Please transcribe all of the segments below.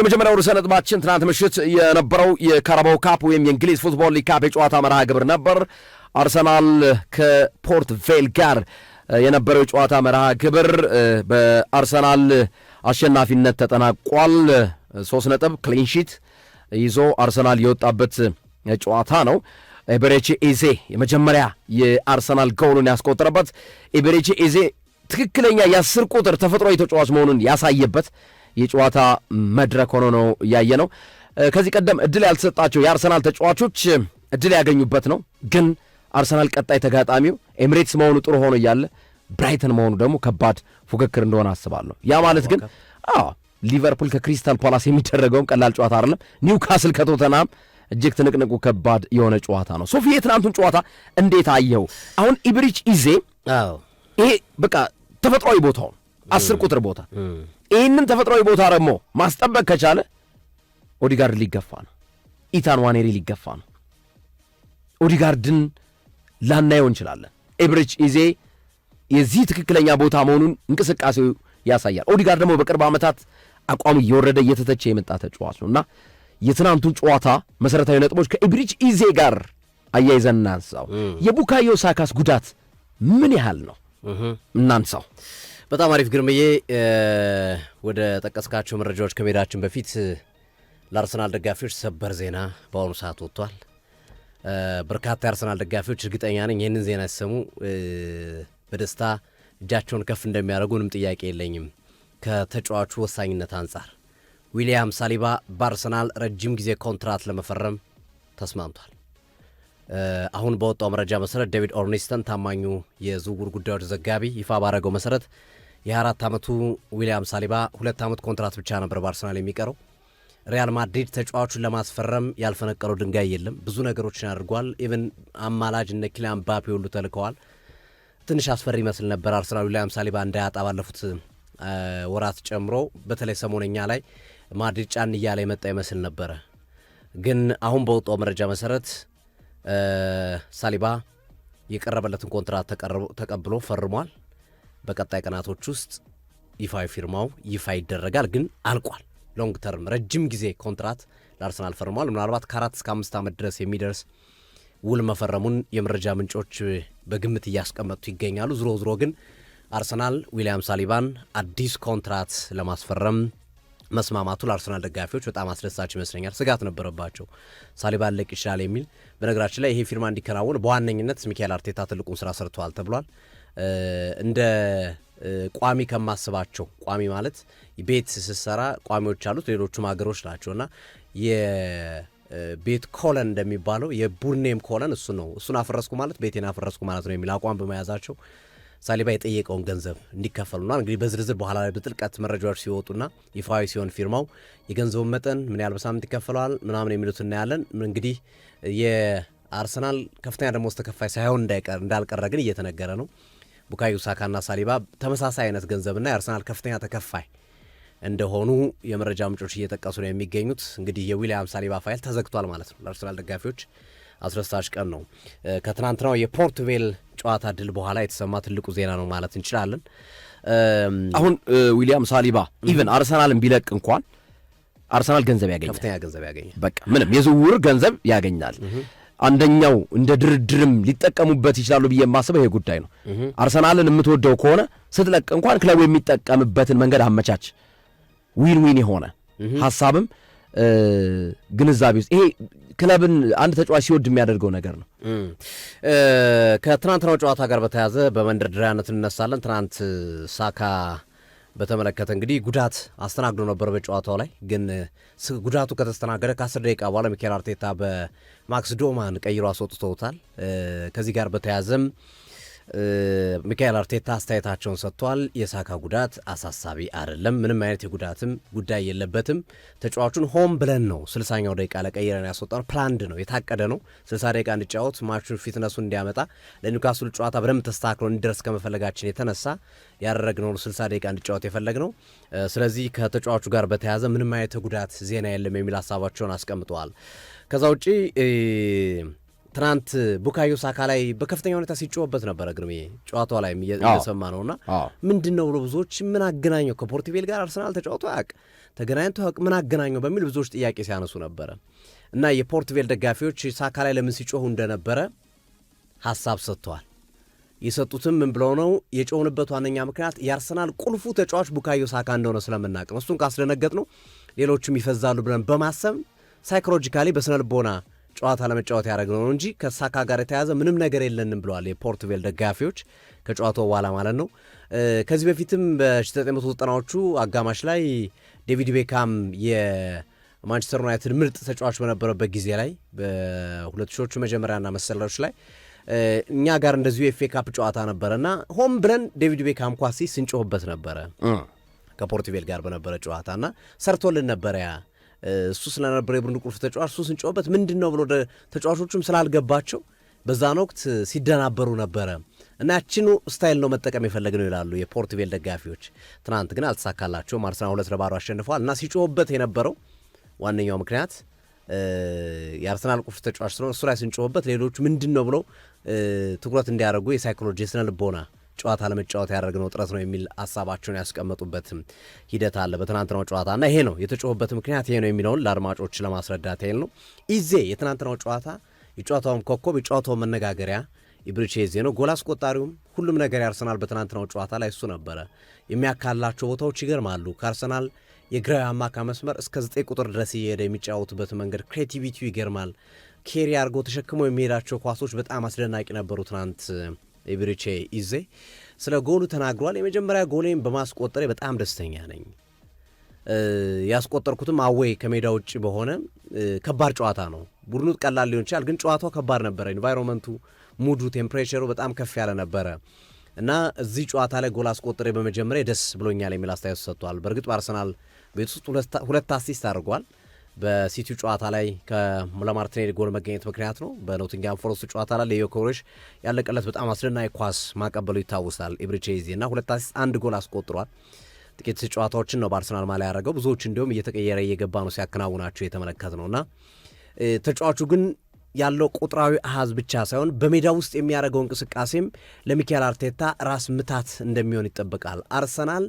የመጀመሪያው ርዕሰ ነጥባችን ትናንት ምሽት የነበረው የካራባው ካፕ ወይም የእንግሊዝ ፉትቦል ሊግ ካፕ የጨዋታ መርሃ ግብር ነበር። አርሰናል ከፖርት ቬል ጋር የነበረው የጨዋታ መርሃ ግብር በአርሰናል አሸናፊነት ተጠናቋል። ሶስት ነጥብ ክሊንሺት ይዞ አርሰናል የወጣበት ጨዋታ ነው። ኤቤሬቺ ኢዜ የመጀመሪያ የአርሰናል ጎሉን ያስቆጠረበት ኤቤሬቺ ኢዜ ትክክለኛ የአስር ቁጥር ተፈጥሯዊ ተጫዋች መሆኑን ያሳየበት የጨዋታ መድረክ ሆኖ ነው እያየ ነው። ከዚህ ቀደም እድል ያልተሰጣቸው የአርሰናል ተጫዋቾች እድል ያገኙበት ነው። ግን አርሰናል ቀጣይ ተጋጣሚው ኤምሬትስ መሆኑ ጥሩ ሆኖ እያለ ብራይተን መሆኑ ደግሞ ከባድ ፉክክር እንደሆነ አስባለሁ። ያ ማለት ግን አዎ ሊቨርፑል ከክሪስታል ፓላስ የሚደረገውም ቀላል ጨዋታ አይደለም። ኒውካስል ከቶተናም እጅግ ትንቅንቁ ከባድ የሆነ ጨዋታ ነው። ሶፊ የትናንቱን ጨዋታ እንዴት አየው? አሁን ኢብሪች ኢዜ ይሄ በቃ ተፈጥሯዊ ቦታው አስር ቁጥር ቦታ ይህንን ተፈጥሯዊ ቦታ ደግሞ ማስጠበቅ ከቻለ ኦዲጋርድ ሊገፋ ነው። ኢታን ዋኔሪ ሊገፋ ነው። ኦዲጋርድን ላናየው እንችላለን። ኤብሬች ኢዜ የዚህ ትክክለኛ ቦታ መሆኑን እንቅስቃሴው ያሳያል። ኦዲጋርድ ደግሞ በቅርብ ዓመታት አቋሙ እየወረደ እየተተቸ የመጣ ተጫዋች ነው እና የትናንቱን ጨዋታ መሰረታዊ ነጥቦች ከኤብሪጅ ኢዜ ጋር አያይዘን እናንሳው። የቡካዮ ሳካስ ጉዳት ምን ያህል ነው እናንሳው። በጣም አሪፍ ግርምዬ፣ ወደ ጠቀስካቸው መረጃዎች ከመሄዳችን በፊት ለአርሰናል ደጋፊዎች ሰበር ዜና በአሁኑ ሰዓት ወጥቷል። በርካታ የአርሰናል ደጋፊዎች እርግጠኛ ነኝ ይህንን ዜና ሲሰሙ በደስታ እጃቸውን ከፍ እንደሚያደርጉ ምንም ጥያቄ የለኝም። ከተጫዋቹ ወሳኝነት አንጻር ዊሊያም ሳሊባ በአርሰናል ረጅም ጊዜ ኮንትራት ለመፈረም ተስማምቷል። አሁን በወጣው መረጃ መሰረት ዴቪድ ኦርኒስተን ታማኙ የዝውውር ጉዳዮች ዘጋቢ ይፋ ባረገው መሰረት የአራት ዓመቱ ዊልያም ሳሊባ ሁለት ዓመት ኮንትራት ብቻ ነበር በአርሰናል የሚቀረው። ሪያል ማድሪድ ተጫዋቹን ለማስፈረም ያልፈነቀለው ድንጋይ የለም። ብዙ ነገሮችን አድርጓል። ኢቨን አማላጅ እነ ኪሊያን ምባፔ ሁሉ ተልከዋል። ትንሽ አስፈሪ ይመስል ነበር አርሰናል ዊልያም ሳሊባ እንዳያጣ ባለፉት ወራት ጨምሮ በተለይ ሰሞነኛ ላይ ማድሪድ ጫን እያለ የመጣ ይመስል ነበረ። ግን አሁን በወጣው መረጃ መሰረት ሳሊባ የቀረበለትን ኮንትራት ተቀብሎ ፈርሟል። በቀጣይ ቀናቶች ውስጥ ይፋ ፊርማው ይፋ ይደረጋል። ግን አልቋል። ሎንግ ተርም ረጅም ጊዜ ኮንትራት ለአርሰናል ፈርሟል። ምናልባት ከአራት እስከ አምስት ዓመት ድረስ የሚደርስ ውል መፈረሙን የመረጃ ምንጮች በግምት እያስቀመጡ ይገኛሉ። ዝሮ ዝሮ ግን አርሰናል ዊሊያም ሳሊባን አዲስ ኮንትራት ለማስፈረም መስማማቱ ለአርሰናል ደጋፊዎች በጣም አስደሳች ይመስለኛል። ስጋት ነበረባቸው ሳሊባን ለቅ ይችላል የሚል። በነገራችን ላይ ይሄ ፊርማ እንዲከናወን በዋነኝነት ሚካኤል አርቴታ ትልቁን ስራ ሰርተዋል ተብሏል። እንደ ቋሚ ከማስባቸው ቋሚ ማለት ቤት ስሰራ ቋሚዎች አሉት ሌሎቹም ሀገሮች ናቸው እና የቤት ኮለን እንደሚባለው የቡኔም ኮለን እሱ ነው። እሱን አፈረስኩ ማለት ቤቴን አፈረስኩ ማለት ነው የሚል አቋም በመያዛቸው ሳሊባ የጠየቀውን ገንዘብ እንዲከፈሉና እንግዲህ በዝርዝር በኋላ ላይ በጥልቀት መረጃዎች ሲወጡና ይፋዊ ሲሆን ፊርማው የገንዘቡን መጠን ምን ያህል በሳምንት ይከፈለዋል ምናምን የሚሉት እናያለን። እንግዲህ የአርሰናል ከፍተኛ ደሞዝ ተከፋይ ሳይሆን እንዳልቀረ ግን እየተነገረ ነው። ቡካዮ ሳካና ሳሊባ ተመሳሳይ አይነት ገንዘብና የአርሰናል ከፍተኛ ተከፋይ እንደሆኑ የመረጃ ምንጮች እየጠቀሱ ነው የሚገኙት። እንግዲህ የዊሊያም ሳሊባ ፋይል ተዘግቷል ማለት ነው። ለአርሰናል ደጋፊዎች አስረሳሽ ቀን ነው። ከትናንትናው የፖርት ቬል ጨዋታ ድል በኋላ የተሰማ ትልቁ ዜና ነው ማለት እንችላለን። አሁን ዊሊያም ሳሊባ ኢቨን አርሰናልን ቢለቅ እንኳን አርሰናል ገንዘብ ያገኛል፣ ከፍተኛ ገንዘብ ያገኛል። በቃ ምንም የዝውውር ገንዘብ ያገኛል። አንደኛው እንደ ድርድርም ሊጠቀሙበት ይችላሉ ብዬ የማስበው ይሄ ጉዳይ ነው። አርሰናልን የምትወደው ከሆነ ስትለቅ እንኳን ክለቡ የሚጠቀምበትን መንገድ አመቻች። ዊን ዊን የሆነ ሀሳብም ግንዛቤ ውስጥ ይሄ ክለብን አንድ ተጫዋች ሲወድ የሚያደርገው ነገር ነው። ከትናንትናው ጨዋታ ጋር በተያያዘ በመንደርደሪያነት እንነሳለን። ትናንት ሳካ በተመለከተ እንግዲህ ጉዳት አስተናግዶ ነበር በጨዋታው ላይ ግን ጉዳቱ ከተስተናገደ ከአስር ደቂቃ በኋላ ሚኬል አርቴታ በማክስ ዶማን ቀይሮ አስወጥተውታል። ከዚህ ጋር በተያያዘም ሚካኤል አርቴታ አስተያየታቸውን ሰጥቷል። የሳካ ጉዳት አሳሳቢ አይደለም፣ ምንም አይነት የጉዳትም ጉዳይ የለበትም። ተጫዋቹን ሆም ብለን ነው ስልሳኛው ደቂቃ ለቀይረን ያስወጣነው። ፕላንድ ነው የታቀደ ነው። ስልሳ ደቂቃ እንዲጫወት ማቹ ፊትነሱን እንዲያመጣ ለኒውካስል ጨዋታ በደንብ ተስተካክሎ እንዲደርስ ከመፈለጋችን የተነሳ ያደረግነው ስልሳ ደቂቃ እንዲጫወት ነው። ስለዚህ ከተጫዋቹ ጋር በተያያዘ ምንም አይነት ጉዳት ዜና የለም የሚል ሀሳባቸውን አስቀምጠዋል። ከዛ ውጪ ትናንት ቡካዮ ሳካ ላይ በከፍተኛ ሁኔታ ሲጮህበት ነበረ። ግርሜ ጨዋቷ ላይ እየሰማ ነው እና ምንድን ነው ብሎ ብዙዎች ምን አገናኘው ከፖርቱቬል ጋር አርሰናል ተጫውቶ አያውቅ ተገናኝቶ አያውቅ ምን አገናኘው በሚል ብዙዎች ጥያቄ ሲያነሱ ነበረ እና የፖርቱቬል ደጋፊዎች ሳካ ላይ ለምን ሲጮሁ እንደነበረ ሀሳብ ሰጥተዋል። የሰጡትም ምን ብለው ነው የጮህንበት ዋነኛ ምክንያት የአርሰናል ቁልፉ ተጫዋች ቡካዮ ሳካ እንደሆነ ስለምናቅ ነው። እሱን ካስደነገጥ ነው ሌሎቹም ይፈዛሉ ብለን በማሰብ ሳይኮሎጂካሊ በስነልቦና ጨዋታ ለመጫወት ያደረግ ነው እንጂ ከሳካ ጋር የተያዘ ምንም ነገር የለንም ብለዋል የፖርትቬል ደጋፊዎች ከጨዋታው በኋላ ማለት ነው። ከዚህ በፊትም በ1990ዎቹ አጋማሽ ላይ ዴቪድ ቤካም የማንቸስተር ዩናይትድ ምርጥ ተጫዋች በነበረበት ጊዜ ላይ በ2000ዎቹ መጀመሪያና መሰላዎች ላይ እኛ ጋር እንደዚሁ የፌ ካፕ ጨዋታ ነበረ እና ሆም ብለን ዴቪድ ቤካም ኳሲ ስንጮህበት ነበረ ከፖርትቬል ጋር በነበረ ጨዋታ እና ሰርቶልን ነበረ ያ እሱ ስለነበረ የቡድን ቁልፍ ተጫዋች እሱ ስንጮህበት ምንድን ነው ብሎ ተጫዋቾቹም ስላልገባቸው በዛን ወቅት ሲደናበሩ ነበረ እና ያችኑ ስታይል ነው መጠቀም የፈለግ ነው ይላሉ የፖርቱቬል ደጋፊዎች። ትናንት ግን አልተሳካላቸውም። አርሰናል ሁለት ለባዶ አሸንፈዋል እና ሲጮበት የነበረው ዋነኛው ምክንያት የአርሰናል ቁልፍ ተጫዋች ስለሆነ እሱ ላይ ስንጮበት ሌሎቹ ምንድን ነው ብለው ትኩረት እንዲያደርጉ የሳይኮሎጂ ስነ ልቦና ጨዋታ ለመጫወት ያደረግነው ጥረት ነው የሚል ሀሳባቸውን ያስቀመጡበት ሂደት አለ በትናንትናው ጨዋታ እና ይሄ ነው የተጮበት ምክንያት ይሄ ነው የሚለውን ለአድማጮች ለማስረዳት ይል ነው። ኢዜ የትናንትናው ጨዋታ የጨዋታውም ኮከብ የጨዋታው መነጋገሪያ ኢብሪቼ ኢዜ ነው። ጎል አስቆጣሪውም ሁሉም ነገር የአርሰናል በትናንትናው ጨዋታ ላይ እሱ ነበረ። የሚያካላቸው ቦታዎች ይገርማሉ። ከአርሰናል የግራዊ አማካ መስመር እስከ ዘጠኝ ቁጥር ድረስ እየሄደ የሚጫወቱበት መንገድ ክሬቲቪቲው ይገርማል። ኬሪ አድርጎ ተሸክሞ የሚሄዳቸው ኳሶች በጣም አስደናቂ ነበሩ ትናንት ኢብሪቼ ኢዜ ስለ ጎሉ ተናግሯል። የመጀመሪያ ጎሌን በማስቆጠሬ በጣም ደስተኛ ነኝ። ያስቆጠርኩትም አዌይ ከሜዳ ውጭ በሆነ ከባድ ጨዋታ ነው። ቡድኑ ቀላል ሊሆን ይችላል፣ ግን ጨዋታው ከባድ ነበረ። ኢንቫይሮንመንቱ፣ ሙዱ፣ ቴምፕሬቸሩ በጣም ከፍ ያለ ነበረ እና እዚህ ጨዋታ ላይ ጎል አስቆጥሬ በመጀመሪያ ደስ ብሎኛል የሚል አስተያየት ሰጥቷል። በእርግጥ በአርሰናል ቤት ውስጥ ሁለት አሲስት አድርጓል። በሲቲው ጨዋታ ላይ ከለማርቲኔሊ ጎል መገኘት ምክንያት ነው። በኖቲንግሃም ፎረስት ጨዋታ ላይ ለዮ ኮሬሽ ያለቀለት በጣም አስደናቂ ኳስ ማቀበሉ ይታወሳል። ኢብሪቼዚ እና ሁለት አሲስት አንድ ጎል አስቆጥሯል። ጥቂት ጨዋታዎችን ነው በአርሰናል ማሊያ ያደረገው። ብዙዎች እንዲሁም እየተቀየረ እየገባ ነው ሲያከናውናቸው የተመለከት ነው እና ተጫዋቹ ግን ያለው ቁጥራዊ አሃዝ ብቻ ሳይሆን በሜዳ ውስጥ የሚያደርገው እንቅስቃሴም ለሚካኤል አርቴታ ራስ ምታት እንደሚሆን ይጠበቃል። አርሰናል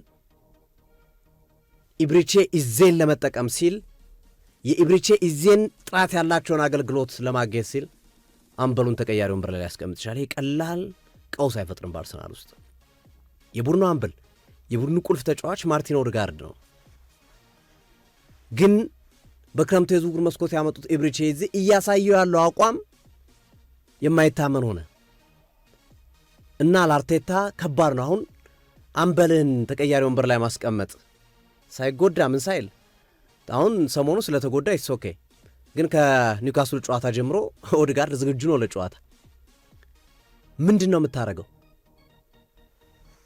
ኢብሪቼ ኢዜን ለመጠቀም ሲል የኢብሪቼ ኢዜን ጥራት ያላቸውን አገልግሎት ለማግኘት ሲል አምበሉን ተቀያሪ ወንበር ላይ ሊያስቀምጥ ይችላል። ይህ ቀላል ቀውስ አይፈጥርም በአርሰናል ውስጥ። የቡድኑ አምበል የቡድኑ ቁልፍ ተጫዋች ማርቲን ኦድጋርድ ነው። ግን በክረምቱ የዝውውር መስኮት ያመጡት ኢብሪቼ ኢዜ እያሳየው ያለው አቋም የማይታመን ሆነ እና ለአርቴታ ከባድ ነው አሁን አምበልህን ተቀያሪ ወንበር ላይ ማስቀመጥ ሳይጎዳ ምን ሳይል አሁን ሰሞኑ ስለተጎዳ ኢትስ ኦኬ፣ ግን ከኒውካስል ጨዋታ ጀምሮ ኦድጋርድ ዝግጁ ነው ለጨዋታ። ምንድን ነው የምታደርገው?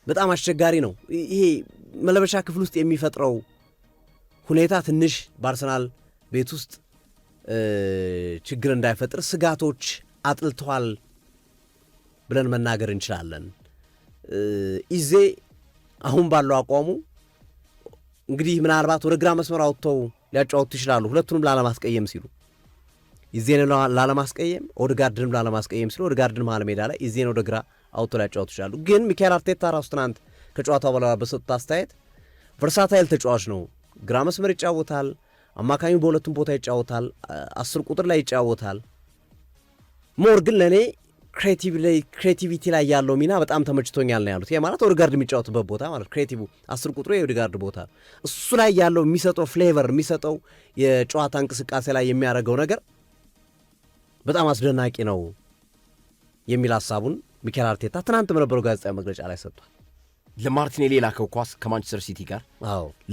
በጣም አስቸጋሪ ነው። ይሄ መለበሻ ክፍል ውስጥ የሚፈጥረው ሁኔታ ትንሽ በአርሰናል ቤት ውስጥ ችግር እንዳይፈጥር ስጋቶች አጥልተዋል ብለን መናገር እንችላለን። ኢዜ አሁን ባለው አቋሙ እንግዲህ ምናልባት ወደ ግራ መስመር አውጥተው ሊያጫወቱ ይችላሉ። ሁለቱንም ላለማስቀየም ሲሉ ይዜን ላለማስቀየም ኦድጋርድንም ላለማስቀየም ሲሉ ኦድጋርድን መሃል ሜዳ ላይ ይዜን ወደ ግራ አውጥተው ሊያጫወቱ ይችላሉ። ግን ሚካኤል አርቴታ ራሱ ትናንት ከጨዋታ በኋላ በሰጡት አስተያየት ቨርሳታይል ተጫዋች ነው፣ ግራ መስመር ይጫወታል፣ አማካኙ በሁለቱም ቦታ ይጫወታል፣ አስር ቁጥር ላይ ይጫወታል። ሞር ግን ለእኔ ክሬቲቪቲ ላይ ያለው ሚና በጣም ተመችቶኛል ነው ያሉት። ይሄ ማለት ኦድጋርድ የሚጫወትበት ቦታ ማለት ክሬቲቭ አስር ቁጥሩ የኦድጋርድ ቦታ እሱ ላይ ያለው የሚሰጠው ፍሌቨር የሚሰጠው የጨዋታ እንቅስቃሴ ላይ የሚያደርገው ነገር በጣም አስደናቂ ነው የሚል ሀሳቡን ሚኬል አርቴታ ትናንት በነበረው ጋዜጣዊ መግለጫ ላይ ሰጥቷል። ለማርቲኔሊ የላከው ኳስ ከማንቸስተር ሲቲ ጋር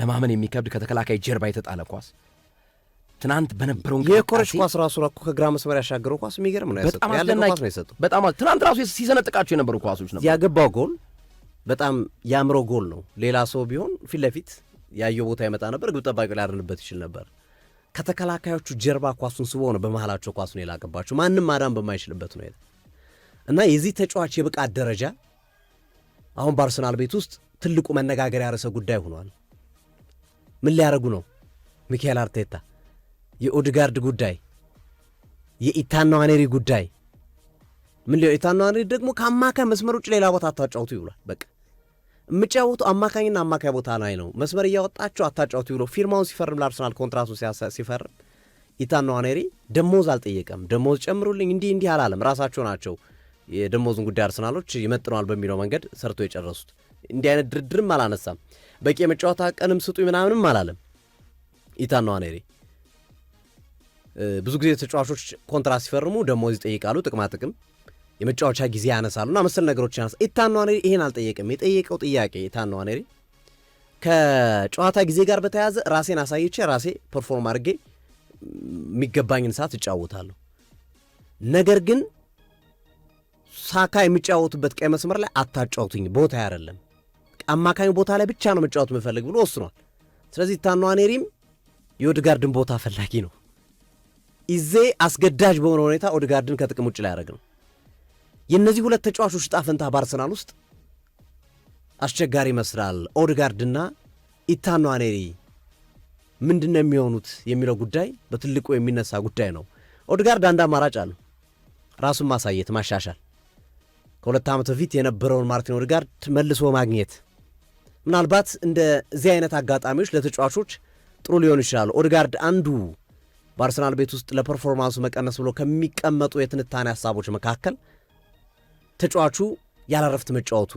ለማመን የሚከብድ ከተከላካይ ጀርባ የተጣለ ኳስ ትናንት በነበረው የኮረች ኳስ ራሱ ራኩ ከግራ መስመር ያሻገረው ኳስ የሚገርም ነው። በጣም አስደናቂ ነው የሰጠው። በጣም ትናንት ራሱ ሲሰነጥቃቸው የነበሩ ኳሶች ነበር። ያገባው ጎል በጣም ያምሮ ጎል ነው። ሌላ ሰው ቢሆን ፊት ለፊት ያየው ቦታ ይመጣ ነበር፣ ግብ ጠባቂው ሊያርንበት ይችል ነበር። ከተከላካዮቹ ጀርባ ኳሱን ስቦ ነው በመሃላቸው ኳሱን የላቀባቸው ማንም ማዳን በማይችልበት ሁኔታ እና የዚህ ተጫዋች የብቃት ደረጃ አሁን በአርሰናል ቤት ውስጥ ትልቁ መነጋገሪያ ርዕሰ ጉዳይ ሆኗል። ምን ሊያደርጉ ነው ሚካኤል አርቴታ? የኦድጋርድ ጉዳይ፣ የኢታን ዋኔሪ ጉዳይ ምን ሊሆን ኢታን ደግሞ ከአማካይ መስመር ውጭ ሌላ ቦታ አታጫውቱ ይብሏል። በቃ የምጫወቱ አማካኝና አማካይ ቦታ ላይ ነው። መስመር እያወጣቸው አታጫውቱ ይብሎ ፊርማውን ሲፈርም ለአርሰናል ኮንትራቱ ሲፈርም ኢታን ዋኔሪ ደሞዝ አልጠየቀም። ደሞዝ ጨምሩልኝ እንዲህ እንዲህ አላለም። ራሳቸው ናቸው የደሞዝን ጉዳይ አርሰናሎች ይመጥነዋል በሚለው መንገድ ሰርቶ የጨረሱት። እንዲህ አይነት ድርድርም አላነሳም። በቂ የመጫወታ ቀንም ስጡ ምናምንም አላለም ኢታን ብዙ ጊዜ ተጫዋቾች ኮንትራት ሲፈርሙ ደሞዝ ይጠይቃሉ፣ ጥቅማጥቅም፣ የመጫወቻ ጊዜ ያነሳሉና መሰል ነገሮች ያነሳ። ኢታን ንዋኔሪ ይሄን አልጠየቅም። የጠየቀው ጥያቄ ኢታን ንዋኔሪ ከጨዋታ ጊዜ ጋር በተያያዘ ራሴን አሳይቼ ራሴ ፐርፎርም አድርጌ የሚገባኝን ሰዓት እጫወታለሁ። ነገር ግን ሳካ የሚጫወቱበት ቀይ መስመር ላይ አታጫወቱኝ፣ ቦታ አይደለም አማካኝ ቦታ ላይ ብቻ ነው መጫወት የምፈልግ ብሎ ወስኗል። ስለዚህ ኢታን ንዋኔሪም የኦድጋርድን ቦታ ፈላጊ ነው። ኢዜ አስገዳጅ በሆነ ሁኔታ ኦድጋርድን ከጥቅም ውጭ ላይ ያደረግ ነው። የእነዚህ ሁለት ተጫዋቾች ዕጣ ፈንታ በአርሰናል ውስጥ አስቸጋሪ ይመስላል። ኦድጋርድና ኢታን ንዋኔሪ ምንድን ነው የሚሆኑት የሚለው ጉዳይ በትልቁ የሚነሳ ጉዳይ ነው። ኦድጋርድ አንድ አማራጭ አለ? ራሱን ማሳየት ማሻሻል፣ ከሁለት ዓመት በፊት የነበረውን ማርቲን ኦድጋርድ መልሶ ማግኘት። ምናልባት እንደዚህ አይነት አጋጣሚዎች ለተጫዋቾች ጥሩ ሊሆኑ ይችላሉ። ኦድጋርድ አንዱ በአርሰናል ቤት ውስጥ ለፐርፎርማንሱ መቀነስ ብሎ ከሚቀመጡ የትንታኔ ሀሳቦች መካከል ተጫዋቹ ያላረፍት መጫወቱ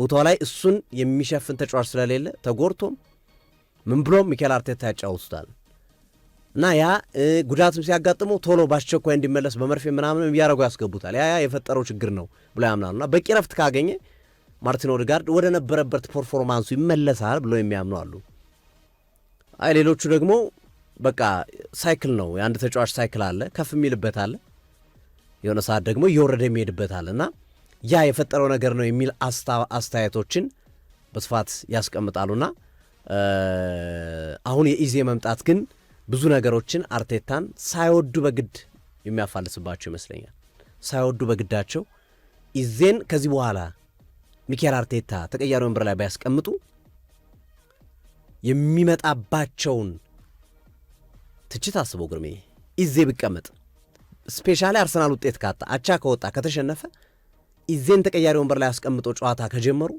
ቦታው ላይ እሱን የሚሸፍን ተጫዋች ስለሌለ ተጎድቶም ምን ብሎም ሚኬል አርቴታ ያጫውቱታል እና ያ ጉዳትም ሲያጋጥመው ቶሎ በአስቸኳይ እንዲመለስ በመርፌ ምናምን እያደረጉ ያስገቡታል። ያ የፈጠረው ችግር ነው ብሎ ያምናሉና በቂ ረፍት ካገኘ ማርቲን ኦድጋርድ ወደ ነበረበት ፐርፎርማንሱ ይመለሳል ብሎ የሚያምኑ አሉ። አይ ሌሎቹ ደግሞ በቃ ሳይክል ነው። የአንድ ተጫዋች ሳይክል አለ፣ ከፍ የሚልበት አለ፣ የሆነ ሰዓት ደግሞ እየወረደ የሚሄድበት አለ እና ያ የፈጠረው ነገር ነው የሚል አስተያየቶችን በስፋት ያስቀምጣሉና አሁን የኢዜ መምጣት ግን ብዙ ነገሮችን አርቴታን ሳይወዱ በግድ የሚያፋልስባቸው ይመስለኛል። ሳይወዱ በግዳቸው ኢዜን ከዚህ በኋላ ሚካኤል አርቴታ ተቀያሪ ወንበር ላይ ባያስቀምጡ የሚመጣባቸውን ትችት አስበው ግርሜ ኢዜ ቢቀመጥ ስፔሻሊ አርሰናል ውጤት ካጣ አቻ ከወጣ ከተሸነፈ ኢዜን ተቀያሪ ወንበር ላይ አስቀምጦ ጨዋታ ከጀመሩ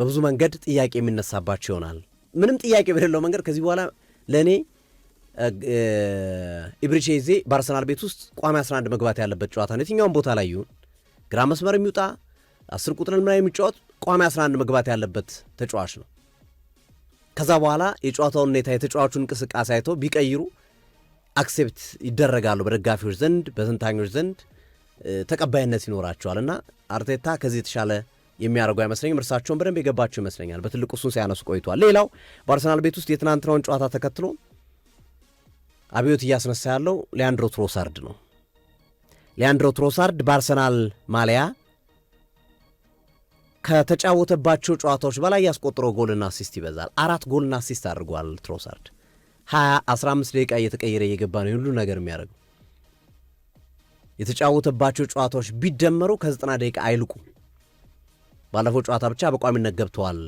በብዙ መንገድ ጥያቄ የሚነሳባቸው ይሆናል። ምንም ጥያቄ በሌለው መንገድ ከዚህ በኋላ ለእኔ ኢብሪቼ ኢዜ በአርሰናል ቤት ውስጥ ቋሚ 11 መግባት ያለበት ጨዋታ ነው። የትኛውን ቦታ ላይ ይሁን ግራ መስመር የሚውጣ አስር ቁጥርን ምናምን የሚጫወት ቋሚ 11 መግባት ያለበት ተጫዋች ነው። ከዛ በኋላ የጨዋታውን ሁኔታ የተጫዋቹ እንቅስቃሴ አይቶ ቢቀይሩ አክሴፕት ይደረጋሉ በደጋፊዎች ዘንድ፣ በተንታኞች ዘንድ ተቀባይነት ይኖራቸዋል እና አርቴታ ከዚህ የተሻለ የሚያደርጉ አይመስለኝም። እርሳቸውን በደንብ የገባቸው ይመስለኛል። በትልቁ እሱን ሲያነሱ ቆይቷል። ሌላው በአርሰናል ቤት ውስጥ የትናንትናውን ጨዋታ ተከትሎ አብዮት እያስነሳ ያለው ሊያንድሮ ትሮሳርድ ነው። ሊያንድሮ ትሮሳርድ በአርሰናል ማሊያ ከተጫወተባቸው ጨዋታዎች በላይ ያስቆጥረው ጎልና አሲስት ይበዛል። አራት ጎልና አሲስት አድርጓል ትሮሳርድ። 20 15 ደቂቃ እየተቀየረ እየገባ ነው ሁሉ ነገር የሚያደርገው። የተጫወተባቸው ጨዋታዎች ቢደመሩ ከ90 ደቂቃ አይልቁ ባለፈው ጨዋታ ብቻ በቋሚነት ገብተዋል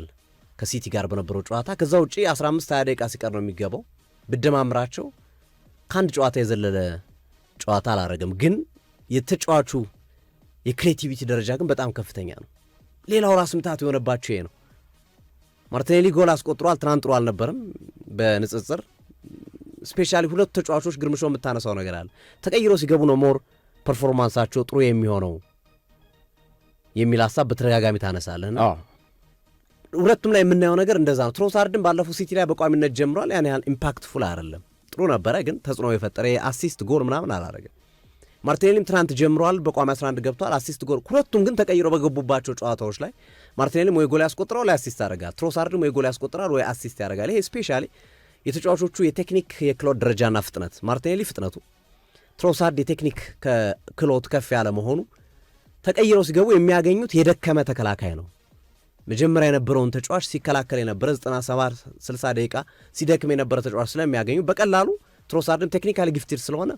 ከሲቲ ጋር በነበረው ጨዋታ። ከዛ ውጪ 15 20 ደቂቃ ሲቀር ነው የሚገባው። ብደማምራቸው ከአንድ ጨዋታ የዘለለ ጨዋታ አላረገም። ግን የተጫዋቹ የክሬቲቪቲ ደረጃ ግን በጣም ከፍተኛ ነው። ሌላው ራስ ምታት የሆነባቸው ይሄ ነው። ማርቲኔሊ ጎል አስቆጥሯል። ትናንት ጥሩ አልነበርም በንጽጽር ስፔሻሊ ሁለቱ ተጫዋቾች ግርምሾ የምታነሳው ነገር አለ። ተቀይሮ ሲገቡ ነው ሞር ፐርፎርማንሳቸው ጥሩ የሚሆነው የሚል ሀሳብ በተደጋጋሚ ታነሳለህ። ሁለቱም ላይ የምናየው ነገር እንደዛ ነው። ትሮሳርድን ባለፈው ሲቲ ላይ በቋሚነት ጀምሯል። ያን ያህል ኢምፓክትፉል አይደለም። ጥሩ ነበረ፣ ግን ተጽዕኖ የፈጠረ የአሲስት ጎል ምናምን አላደረገም። ማርቲኔሊም ትናንት ጀምሯል፣ በቋሚ 11 ገብቷል። አሲስት ጎል ሁለቱም ግን ተቀይሮ በገቡባቸው ጨዋታዎች ላይ ማርቲኔሊም ወይ ጎል ያስቆጥራል ወይ አሲስት ያደርጋል። ትሮሳርድም ወይ ጎል ያስቆጥራል ወይ አሲስት ያደርጋል። ይሄ ስፔሻሊ የተጫዋቾቹ የቴክኒክ የክሎት ደረጃና ፍጥነት ማርቲኔሊ ፍጥነቱ ትሮሳርድ የቴክኒክ ክሎት ከፍ ያለ መሆኑ ተቀይረው ሲገቡ የሚያገኙት የደከመ ተከላካይ ነው። መጀመሪያ የነበረውን ተጫዋች ሲከላከል የነበረ 97 60 ደቂቃ ሲደክም የነበረ ተጫዋች ስለሚያገኙ በቀላሉ ትሮሳርድም ቴክኒካል ጊፍትድ ስለሆነ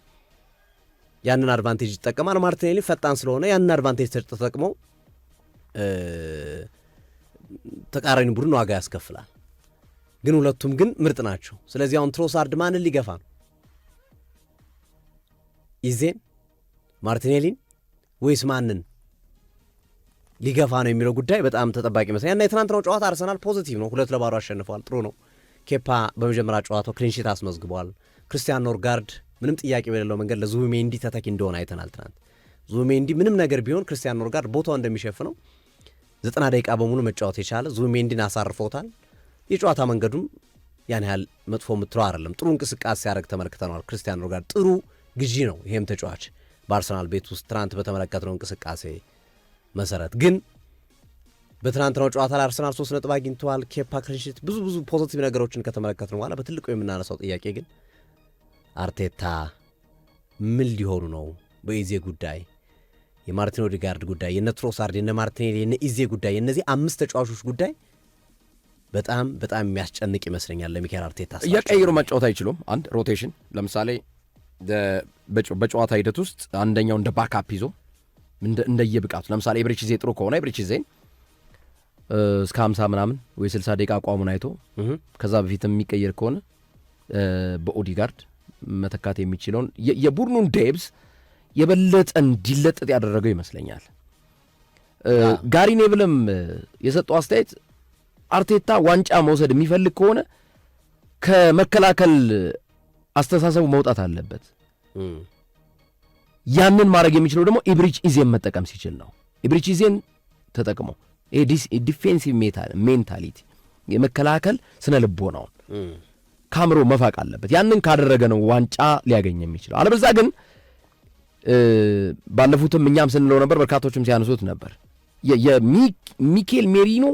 ያንን አድቫንቴጅ ይጠቀማል። ማርቲኔሊ ፈጣን ስለሆነ ያንን አድቫንቴጅ ተጠቅሞ ተቃራኒ ቡድን ዋጋ ያስከፍላል። ግን ሁለቱም ግን ምርጥ ናቸው። ስለዚህ አሁን ትሮሳርድ ማንን ሊገፋ ነው? ኢዜን፣ ማርቲኔሊን ወይስ ማንን ሊገፋ ነው የሚለው ጉዳይ በጣም ተጠባቂ መስ ያና የትናንትናው ጨዋታ አርሰናል ፖዚቲቭ ነው፣ ሁለት ለባዶ አሸንፈዋል። ጥሩ ነው። ኬፓ በመጀመሪያ ጨዋታው ክሊንሺት አስመዝግቧል። ክርስቲያን ኖርጋርድ ምንም ጥያቄ በሌለው መንገድ ለዙቢሜንዲ ተተኪ እንደሆነ አይተናል ትናንት። ዙቢሜንዲ ምንም ነገር ቢሆን ክርስቲያን ኖርጋርድ ቦታው እንደሚሸፍነው ዘጠና ደቂቃ በሙሉ መጫወት የቻለ ዙቢሜንዲን አሳርፎታል። የጨዋታ መንገዱም ያን ያህል መጥፎ የምትለው አይደለም። ጥሩ እንቅስቃሴ ሲያደርግ ተመልክተነዋል። ክርስቲያን ኖርጋርድ ጥሩ ግዢ ነው። ይሄም ተጫዋች በአርሰናል ቤት ውስጥ ትናንት በተመለከትነው እንቅስቃሴ መሰረት ግን በትናንትናው ጨዋታ ላይ አርሰናል ሶስት ነጥብ አግኝተዋል። ኬፓ ክሊንሺት ብዙ ብዙ ፖዘቲቭ ነገሮችን ከተመለከትነው በኋላ በትልቁ የምናነሳው ጥያቄ ግን አርቴታ ምን ሊሆኑ ነው? በኢዜ ጉዳይ የማርቲን ኦዲጋርድ ጉዳይ የነ ትሮሳርድ የነ ማርቲኔሊ የነ ኢዜ ጉዳይ የእነዚህ አምስት ተጫዋቾች ጉዳይ በጣም በጣም የሚያስጨንቅ ይመስለኛል ለሚካኤል አርቴታ። እያቀይሩ መጫወት አይችሉም። አንድ ሮቴሽን ለምሳሌ በጨዋታ ሂደት ውስጥ አንደኛው እንደ ባካፕ ይዞ እንደየ ብቃቱ ለምሳሌ ዜ ጥሩ ከሆነ ዜን እስከ 50 ምናምን ወይ 60 ደቂቃ አቋሙን አይቶ ከዛ በፊት የሚቀየር ከሆነ በኦዲጋርድ መተካት የሚችለውን የቡድኑን ዴብስ የበለጠ እንዲለጥጥ ያደረገው ይመስለኛል። ጋሪ ኔብልም የሰጠው አስተያየት አርቴታ ዋንጫ መውሰድ የሚፈልግ ከሆነ ከመከላከል አስተሳሰቡ መውጣት አለበት። ያንን ማድረግ የሚችለው ደግሞ ኢብሪች ኢዜን መጠቀም ሲችል ነው። ኢብሪች ኢዜን ተጠቅሞ ይሄ ዲፌንሲቭ ሜንታሊቲ የመከላከል ስነ ልቦናውን ከአእምሮ መፋቅ አለበት። ያንን ካደረገ ነው ዋንጫ ሊያገኝ የሚችለው። አለበዛ ግን ባለፉትም እኛም ስንለው ነበር፣ በርካቶችም ሲያነሱት ነበር የሚኬል ሜሪኖ፣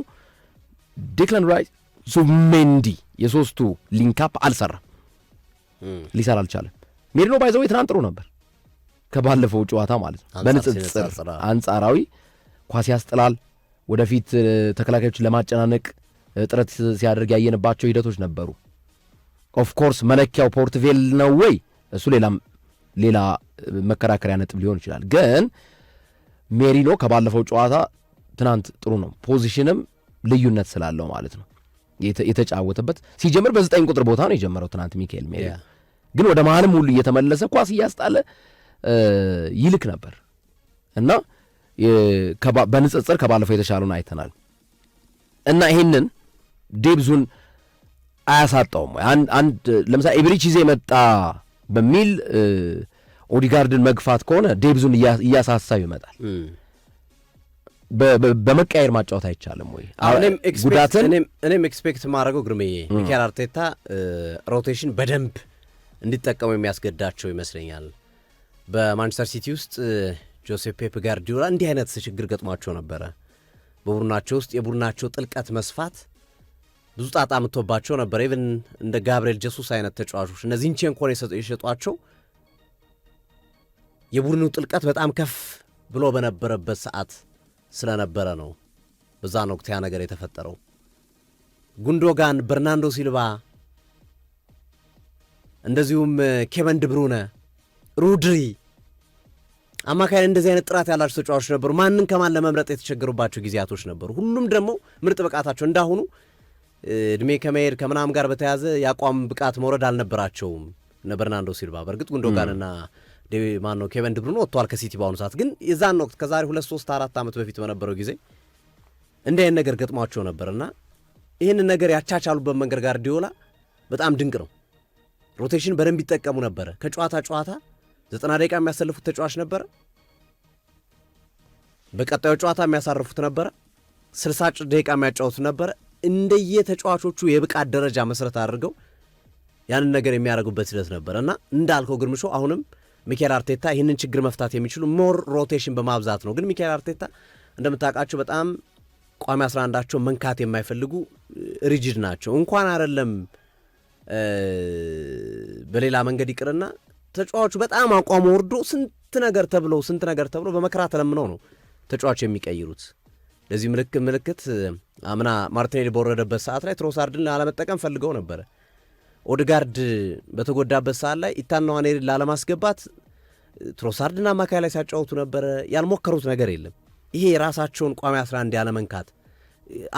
ዴክላን ራይስ፣ ዙሜንዲ የሶስቱ ሊንካፕ አልሰራም፣ ሊሰራ አልቻለም። ሜሪኖ ባይዘው ትናንት ጥሩ ነበር ከባለፈው ጨዋታ ማለት ነው። በንጽጽር አንጻራዊ ኳስ ያስጥላል። ወደፊት ተከላካዮችን ለማጨናነቅ ጥረት ሲያደርግ ያየንባቸው ሂደቶች ነበሩ። ኦፍኮርስ መለኪያው ፖርትቬል ነው ወይ እሱ ሌላም ሌላ መከራከሪያ ነጥብ ሊሆን ይችላል። ግን ሜሪኖ ከባለፈው ጨዋታ ትናንት ጥሩ ነው፣ ፖዚሽንም ልዩነት ስላለው ማለት ነው የተጫወተበት። ሲጀምር በዘጠኝ ቁጥር ቦታ ነው የጀመረው ትናንት ሚካኤል ሜሪኖ። ግን ወደ መሀልም ሁሉ እየተመለሰ ኳስ እያስጣለ ይልክ ነበር እና በንጽጽር ከባለፈው የተሻለውን አይተናል እና ይህንን ዴብዙን አያሳጣውም። አንድ ለምሳሌ ኢብሪች ይዜ መጣ በሚል ኦዲጋርድን መግፋት ከሆነ ዴብዙን እያሳሳብ ይመጣል። በመቀያየር ማጫወት አይቻልም ወይ? ጉዳትን እኔም ኤክስፔክት ማድረገው ግርምዬ ሚካኤል አርቴታ ሮቴሽን በደንብ እንዲጠቀሙ የሚያስገዳቸው ይመስለኛል። በማንቸስተር ሲቲ ውስጥ ጆሴ ፔፕ ጋርዲዮላ እንዲህ አይነት ችግር ገጥሟቸው ነበረ። በቡድናቸው ውስጥ የቡድናቸው ጥልቀት መስፋት ብዙ ጣጣ ምቶባቸው ነበር። ኢቨን እንደ ጋብርኤል ጀሱስ አይነት ተጫዋቾች እነዚህን ቼንኮን የሸጧቸው የቡድኑ ጥልቀት በጣም ከፍ ብሎ በነበረበት ሰዓት ስለነበረ ነው በዛን ወቅት ያ ነገር የተፈጠረው። ጉንዶጋን፣ በርናንዶ ሲልቫ እንደዚሁም ኬቨን ድብሩነ፣ ሩድሪ አማካይ እንደዚህ አይነት ጥራት ያላቸው ተጫዋቾች ነበሩ። ማንን ከማን ለመምረጥ የተቸገሩባቸው ጊዜያቶች ነበሩ። ሁሉም ደግሞ ምርጥ ብቃታቸው እንዳሁኑ እድሜ ከመሄድ ከምናም ጋር በተያዘ የአቋም ብቃት መውረድ አልነበራቸውም። እነ በርናንዶ ሲልቫ በእርግጥ ጉንዶጋንና ማን ነው ኬቨን ድብሩን ወጥቷል ከሲቲ በአሁኑ ሰዓት ግን የዛን ወቅት ከዛሬ ሁለት ሶስት አራት ዓመት በፊት በነበረው ጊዜ እንዲህ አይነት ነገር ገጥሟቸው ነበርና ይህንን ነገር ያቻቻሉበት መንገድ ጋር ዲዮላ በጣም ድንቅ ነው። ሮቴሽን በደንብ ይጠቀሙ ነበረ። ከጨዋታ ጨዋታ ዘጠና ደቂቃ የሚያሰልፉት ተጫዋች ነበረ። በቀጣዩ ጨዋታ የሚያሳርፉት ነበረ። ስልሳ ደቂቃ የሚያጫወቱት ነበረ። እንደየተጫዋቾቹ የብቃት ደረጃ መሰረት አድርገው ያንን ነገር የሚያደርጉበት ሂደት ነበር እና እንዳልከው ግርምሾ አሁንም ሚካኤል አርቴታ ይህንን ችግር መፍታት የሚችሉ ሞር ሮቴሽን በማብዛት ነው። ግን ሚኬል አርቴታ እንደምታውቃቸው በጣም ቋሚ 11ቸው መንካት የማይፈልጉ ሪጅድ ናቸው። እንኳን አይደለም በሌላ መንገድ ይቅርና ተጫዋቹ በጣም አቋሙ ወርዶ ስንት ነገር ተብሎ ስንት ነገር ተብሎ በመከራ ተለምነው ነው ተጫዋቹ የሚቀይሩት ለዚህ ምልክት አምና ማርቲኔሊ በወረደበት ሰዓት ላይ ትሮሳርድን ላለመጠቀም ፈልገው ነበረ። ኦድጋርድ በተጎዳበት ሰዓት ላይ ኢታን ንዋኔሪን ላለማስገባት ትሮሳርድን አማካይ ላይ ሲያጫወቱ ነበረ። ያልሞከሩት ነገር የለም። ይሄ የራሳቸውን ቋሚ 11 ያለመንካት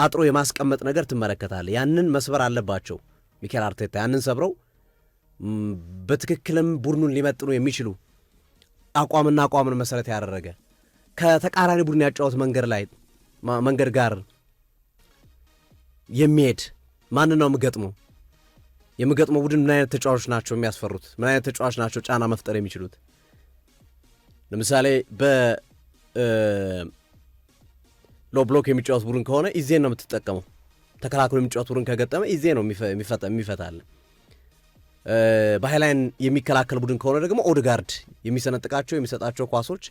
አጥሮ የማስቀመጥ ነገር ትመለከታለ ያንን መስበር አለባቸው ሚኬል አርቴታ። ያንን ሰብረው በትክክልም ቡድኑን ሊመጥኑ የሚችሉ አቋምና አቋምን መሰረት ያደረገ ከተቃራኒ ቡድን ያጫወት መንገድ ላይ መንገድ ጋር የሚሄድ ማን ነው የምገጥሞ የምገጥሞ ቡድን ምን አይነት ተጫዋቾች ናቸው የሚያስፈሩት? ምን አይነት ተጫዋቾች ናቸው ጫና መፍጠር የሚችሉት? ለምሳሌ በሎ ብሎክ የሚጫወት ቡድን ከሆነ ኢዜን ነው የምትጠቀመው። ተከላክሎ የሚጫወት ቡድን ከገጠመ ኢዜ ነው የሚፈታል። በሀይላይን የሚከላከል ቡድን ከሆነ ደግሞ ኦድጋርድ የሚሰነጥቃቸው የሚሰጣቸው ኳሶች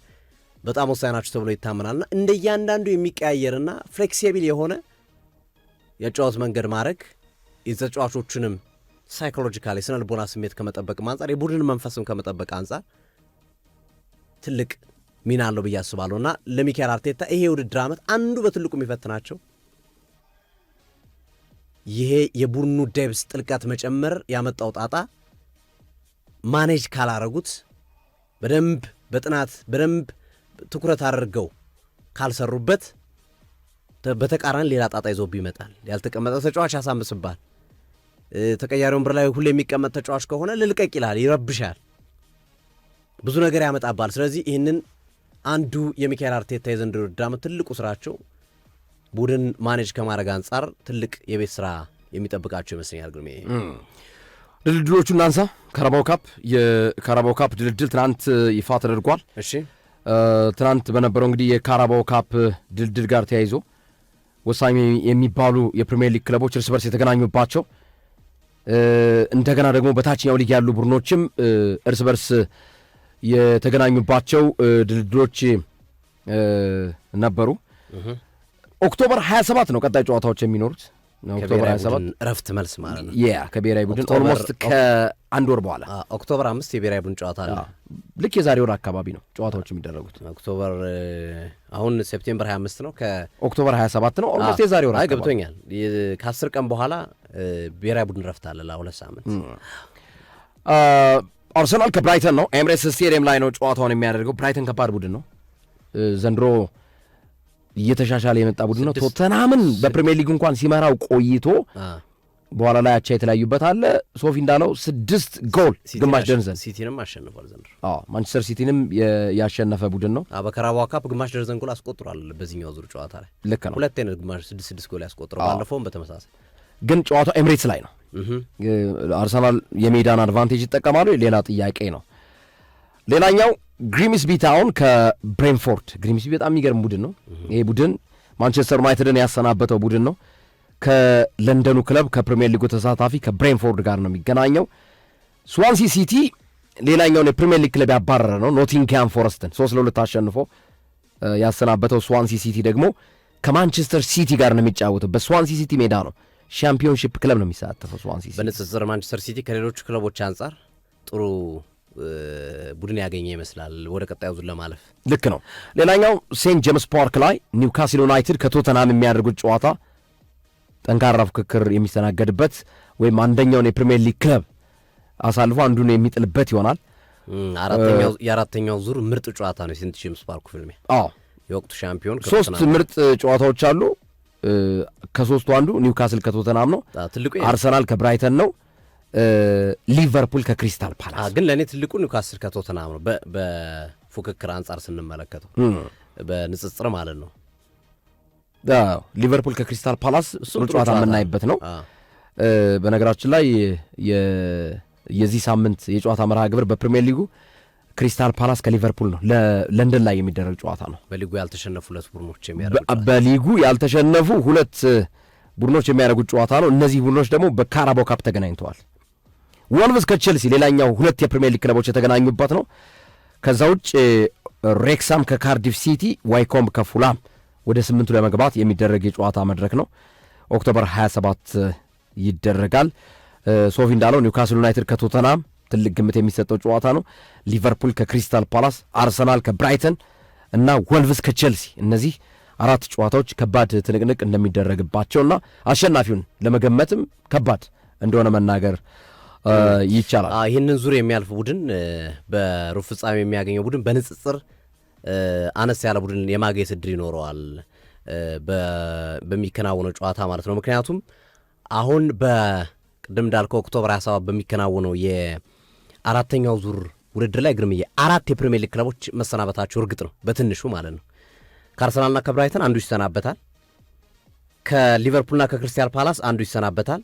በጣም ወሳኝ ናቸው ተብሎ ይታመናልና እንደ እያንዳንዱ የሚቀያየርና ፍሌክሲብል የሆነ የጨዋት መንገድ ማድረግ የተጫዋቾችንም ሳይኮሎጂካል የስነ ልቦና ስሜት ከመጠበቅም አንጻር የቡድን መንፈስም ከመጠበቅ አንጻር ትልቅ ሚና አለው ብዬ አስባለሁ እና ለሚካኤል አርቴታ ይሄ የውድድር ዓመት አንዱ በትልቁ የሚፈትናቸው ይሄ የቡድኑ ደብስ ጥልቀት መጨመር ያመጣው ጣጣ ማኔጅ ካላረጉት በደንብ በጥናት በደንብ ትኩረት አድርገው ካልሰሩበት በተቃራኒ ሌላ ጣጣ ይዞብ ይመጣል። ያልተቀመጠ ተጫዋች ያሳምስባል። ተቀያሪ ወንበር ላይ ሁሉ የሚቀመጥ ተጫዋች ከሆነ ልልቀቅ ይላል፣ ይረብሻል፣ ብዙ ነገር ያመጣባል። ስለዚህ ይህንን አንዱ የሚካኤል አርቴታ የዘንድሮ ዳም ትልቁ ስራቸው ቡድን ማኔጅ ከማድረግ አንጻር ትልቅ የቤት ስራ የሚጠብቃቸው ይመስለኛል። ግርሜ ድልድሎቹ እናንሳ። ካራባው ካፕ የካራባው ካፕ ድልድል ትናንት ይፋ ተደርጓል። እሺ ትናንት በነበረው እንግዲህ የካራባው ካፕ ድልድል ጋር ተያይዞ ወሳኝ የሚባሉ የፕሪሚየር ሊግ ክለቦች እርስ በርስ የተገናኙባቸው እንደገና ደግሞ በታችኛው ሊግ ያሉ ቡድኖችም እርስ በርስ የተገናኙባቸው ድልድሎች ነበሩ። ኦክቶበር 27 ነው ቀጣይ ጨዋታዎች የሚኖሩት። ኦክቶበር 27 እረፍት መልስ ማለት ነው። ያ ከብሔራዊ ቡድን ኦልሞስት ከአንድ ወር በኋላ ኦክቶበር አምስት የብሔራዊ ቡድን ጨዋታ አለ። ልክ የዛሬ ወር አካባቢ ነው ጨዋታዎች የሚደረጉት። ኦክቶበር አሁን ሴፕቴምበር አምስት ነው፣ ከኦክቶበር ሰባት ነው። ኦልሞስት የዛሬ ወር ገብቶኛል። ከአስር ቀን በኋላ ብሔራዊ ቡድን እረፍት አለ ለሁለት ሳምንት። አርሰናል ከብራይተን ነው ኤምሬትስ ስቴዲየም ላይ ነው ጨዋታውን የሚያደርገው። ብራይተን ከባድ ቡድን ነው ዘንድሮ እየተሻሻለ የመጣ ቡድን ነው። ቶተናምን በፕሪሚየር ሊግ እንኳን ሲመራው ቆይቶ በኋላ ላይ አቻ የተለያዩበት አለ። ሶፊ እንዳለው ስድስት ጎል ግማሽ ደርዘን ሲቲንም አሸንፏል ዘንድሮ። ማንቸስተር ሲቲንም ያሸነፈ ቡድን ነው። በከራባ ካፕ ግማሽ ደርዘን ጎል አስቆጥሯል። በዚህኛው ዙር ጨዋታ ላይ ልክ ነው። ሁለት አይነት ግማሽ ስድስት ስድስት ጎል ያስቆጥረው፣ ባለፈውም በተመሳሳይ ግን ጨዋታው ኤምሬትስ ላይ ነው። አርሰናል የሜዳን አድቫንቴጅ ይጠቀማሉ፣ ሌላ ጥያቄ ነው። ሌላኛው ግሪምስቢ ታውን ከብሬንፎርድ ግሪምስቢ በጣም የሚገርም ቡድን ነው። ይሄ ቡድን ማንቸስተር ዩናይትድን ያሰናበተው ቡድን ነው። ከለንደኑ ክለብ ከፕሪምየር ሊጉ ተሳታፊ ከብሬንፎርድ ጋር ነው የሚገናኘው። ስዋንሲ ሲቲ ሌላኛውን የፕሪምየር ሊግ ክለብ ያባረረ ነው። ኖቲንግሃም ፎረስትን ሶስት ለሁለት አሸንፎ ያሰናበተው ስዋንሲ ሲቲ ደግሞ ከማንቸስተር ሲቲ ጋር ነው የሚጫወተው። በስዋንሲ ሲቲ ሜዳ ነው። ሻምፒዮንሺፕ ክለብ ነው የሚሳተፈው ስዋንሲ ሲቲ። በንጽጽር ማንቸስተር ሲቲ ከሌሎቹ ክለቦች አንጻር ጥሩ ቡድን ያገኘ ይመስላል ወደ ቀጣዩ ዙር ለማለፍ። ልክ ነው። ሌላኛው ሴንት ጄምስ ፓርክ ላይ ኒውካስል ዩናይትድ ከቶተናም የሚያደርጉት ጨዋታ ጠንካራ ፍክክር የሚስተናገድበት ወይም አንደኛውን የፕሪምየር ሊግ ክለብ አሳልፎ አንዱን የሚጥልበት ይሆናል። የአራተኛው ዙር ምርጥ ጨዋታ ነው ሴንት ጄምስ ፓርኩ ፍልሚያ። አዎ የወቅቱ ሻምፒዮን ሶስት ምርጥ ጨዋታዎች አሉ። ከሶስቱ አንዱ ኒውካስል ከቶተናም ነው። አርሰናል ከብራይተን ነው። ሊቨርፑል ከክሪስታል ፓላስ ግን ለእኔ ትልቁ ኒውካስል ከቶተናም ነው። በፉክክር አንጻር ስንመለከተው በንጽጽር ማለት ነው። ሊቨርፑል ከክሪስታል ፓላስ ጥሩ ጨዋታ የምናይበት ነው። በነገራችን ላይ የዚህ ሳምንት የጨዋታ መርሃ ግብር በፕሪሚየር ሊጉ ክሪስታል ፓላስ ከሊቨርፑል ነው። ለንደን ላይ የሚደረግ ጨዋታ ነው። በሊጉ ያልተሸነፉ ሁለት ቡድኖች የሚያደርጉት በሊጉ ያልተሸነፉ ሁለት ቡድኖች የሚያደርጉት ጨዋታ ነው። እነዚህ ቡድኖች ደግሞ በካራቦካፕ ካፕ ተገናኝተዋል። ወልቭስ ከቼልሲ ሌላኛው ሁለት የፕሪሚየር ሊግ ክለቦች የተገናኙበት ነው። ከዛ ውጭ ሬክሳም ከካርዲፍ ሲቲ፣ ዋይኮምብ ከፉላም ወደ ስምንቱ ለመግባት የሚደረግ የጨዋታ መድረክ ነው። ኦክቶበር 27 ይደረጋል። ሶፊ እንዳለው ኒውካስል ዩናይትድ ከቶተናም ትልቅ ግምት የሚሰጠው ጨዋታ ነው። ሊቨርፑል ከክሪስታል ፓላስ፣ አርሰናል ከብራይተን እና ወልቭስ ከቼልሲ እነዚህ አራት ጨዋታዎች ከባድ ትንቅንቅ እንደሚደረግባቸውና አሸናፊውን ለመገመትም ከባድ እንደሆነ መናገር ይቻላል። ይህንን ዙር የሚያልፍ ቡድን በሩብ ፍጻሜ የሚያገኘው ቡድን በንጽጽር አነስ ያለ ቡድን የማግኘት እድል ይኖረዋል በሚከናወነው ጨዋታ ማለት ነው። ምክንያቱም አሁን በቅድም እንዳልከው ኦክቶበር 27 በሚከናወነው የአራተኛው ዙር ውድድር ላይ ግርምዬ አራት የፕሪሚየር ሊግ ክለቦች መሰናበታቸው እርግጥ ነው፣ በትንሹ ማለት ነው። ከአርሰናልና ከብራይተን አንዱ ይሰናበታል። ከሊቨርፑልና ከክርስቲያን ፓላስ አንዱ ይሰናበታል።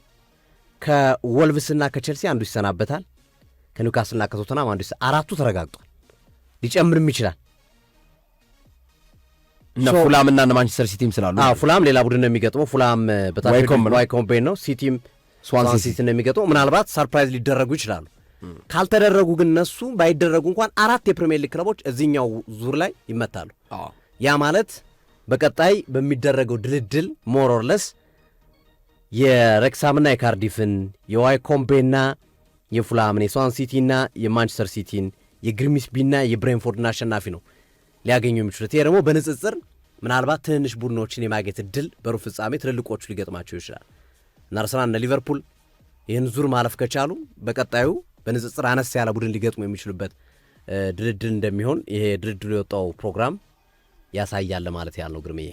ከወልቭስና ከቼልሲ አንዱ ይሰናበታል። ከኒውካስልና ከቶተናም አንዱ አራቱ ተረጋግጧል። ሊጨምርም ይችላል። ፉላም እና ማንቸስተር ሲቲም ስላሉ ፉላም ሌላ ቡድን ነው የሚገጥመው። ፉላም ዋይኮምቤን ነው። ሲቲም ሲቲ ነው የሚገጥመው። ምናልባት ሰርፕራይዝ ሊደረጉ ይችላሉ። ካልተደረጉ ግን እነሱ ባይደረጉ እንኳን አራት የፕሪሚየር ሊግ ክለቦች እዚህኛው ዙር ላይ ይመታሉ። ያ ማለት በቀጣይ በሚደረገው ድልድል ሞሮርለስ የሬክሳምና የካርዲፍን የዋይኮምቤና የፉላምን የስዋን ሲቲና የማንቸስተር ሲቲን የግሪምስቢና የብሬንፎርድን አሸናፊ ነው ሊያገኙ የሚችሉት። ይሄ ደግሞ በንጽጽር ምናልባት ትንንሽ ቡድኖችን የማግኘት እድል በሩብ ፍጻሜ ትልልቆቹ ሊገጥማቸው ይችላል እና አርሰናል እነ ሊቨርፑል ይህን ዙር ማለፍ ከቻሉ በቀጣዩ በንጽጽር አነስ ያለ ቡድን ሊገጥሙ የሚችሉበት ድልድል እንደሚሆን ይሄ ድልድሉ የወጣው ፕሮግራም ያሳያል ማለት ያህል ነው። ግርምዬ